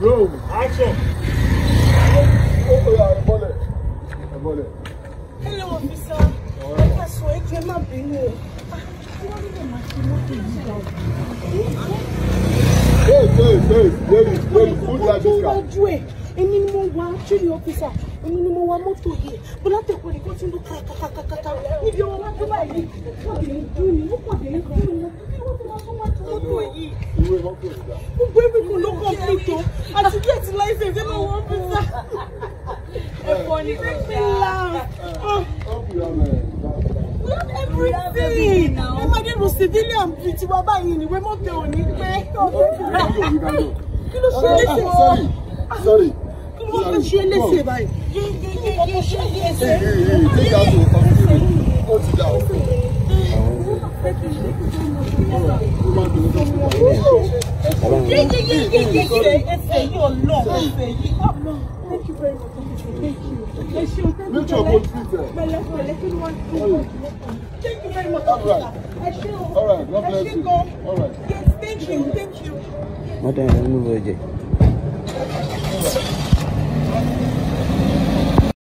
Roll. Action. Hello, officer. Ẹ ká sọ ẹ jẹ́ má bínú o. Wọ́n nílò máa ṣe mọ́tò yìí lọ. Wait, wait, wait, wait, wait, put that discount. Èmi ni mo wá actually officer, èmi ni mo wá mọ́tò yìí, bó látẹ̀kọ́ ni kó ti ń lọ kàkàkàkàkà. Ibi ọmọ wa tó báyìí, wọ́n kò dé dún ni, wọ́n kò dé dún ni, wọ́n kò dé dún ni, wọ́n kò dé dún ni gbogbo ẹbí kò ló kọ́ mi tó àti bí ẹtì láì fèsì ló wọ́n fi sá. ẹ̀fọ́ ni pé pé ah. everything ẹ máa dé lu civilian bíi tiwa báyìí níwé mọ́tò òní pé. kí ló ṣe é ṣe wọ́n. kí ló ṣe é ṣe báyìí. kí ló ṣe é ṣe. Thank you very much. Thank you. Thank you. Thank you very much. All right. All right. God bless you. All right. Yes, thank you. Thank you. What the hell?